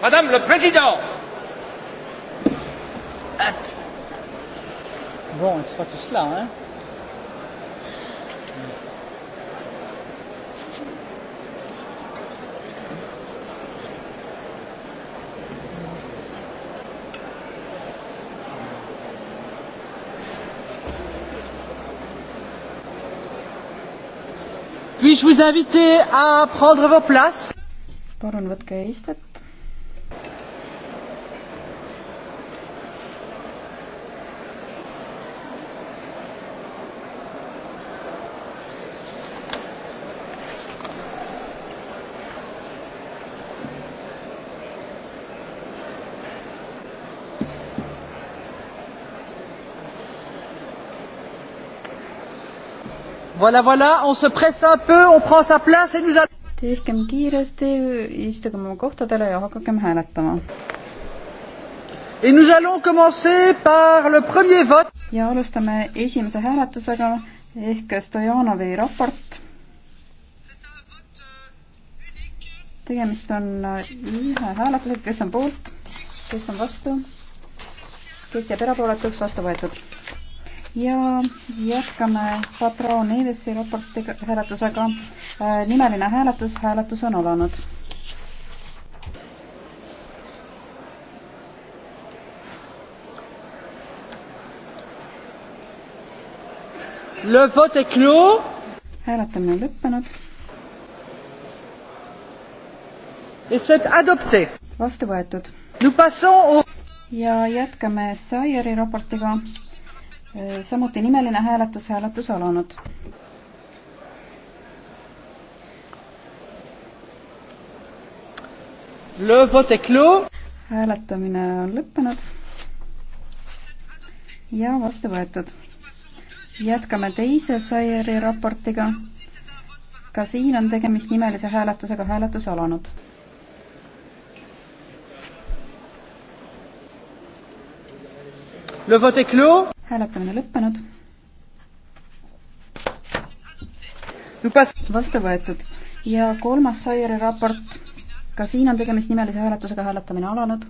Madame le Président. Bon, c'est pas tout cela, hein. Puis-je vous inviter à prendre vos places Palun võtke istet. Voilà, voilà, on se presse un peu, on prend sa place et nous allons... tehkem kiiresti, istugem oma kohtadele ja hakakem hääletama. Et nous allons commencer par le premier vote. ja alustame esimese hääletusega ehk Stojanovi raport. tegemist on äh, ühe hääletusega, kes on poolt, kes on vastu, kes jääb erapooletuks, vastu võetud ja jätkame patroon Eivesi raporti hääletusega. Äh, nimeline hääletus, hääletus on alanud. hääletamine on lõppenud. vastu võetud. ja jätkame Saieri raportiga Äh, samuti nimeline hääletus, hääletus alanud. hääletamine on lõppenud ja vastu võetud. jätkame teise Sairi raportiga. ka siin on tegemist nimelise hääletusega, hääletus alanud Le vote est clos hääletamine lõppenud. vastu võetud ja kolmas Sairi raport, ka siin on tegemist nimelise hääletusega, hääletamine alanud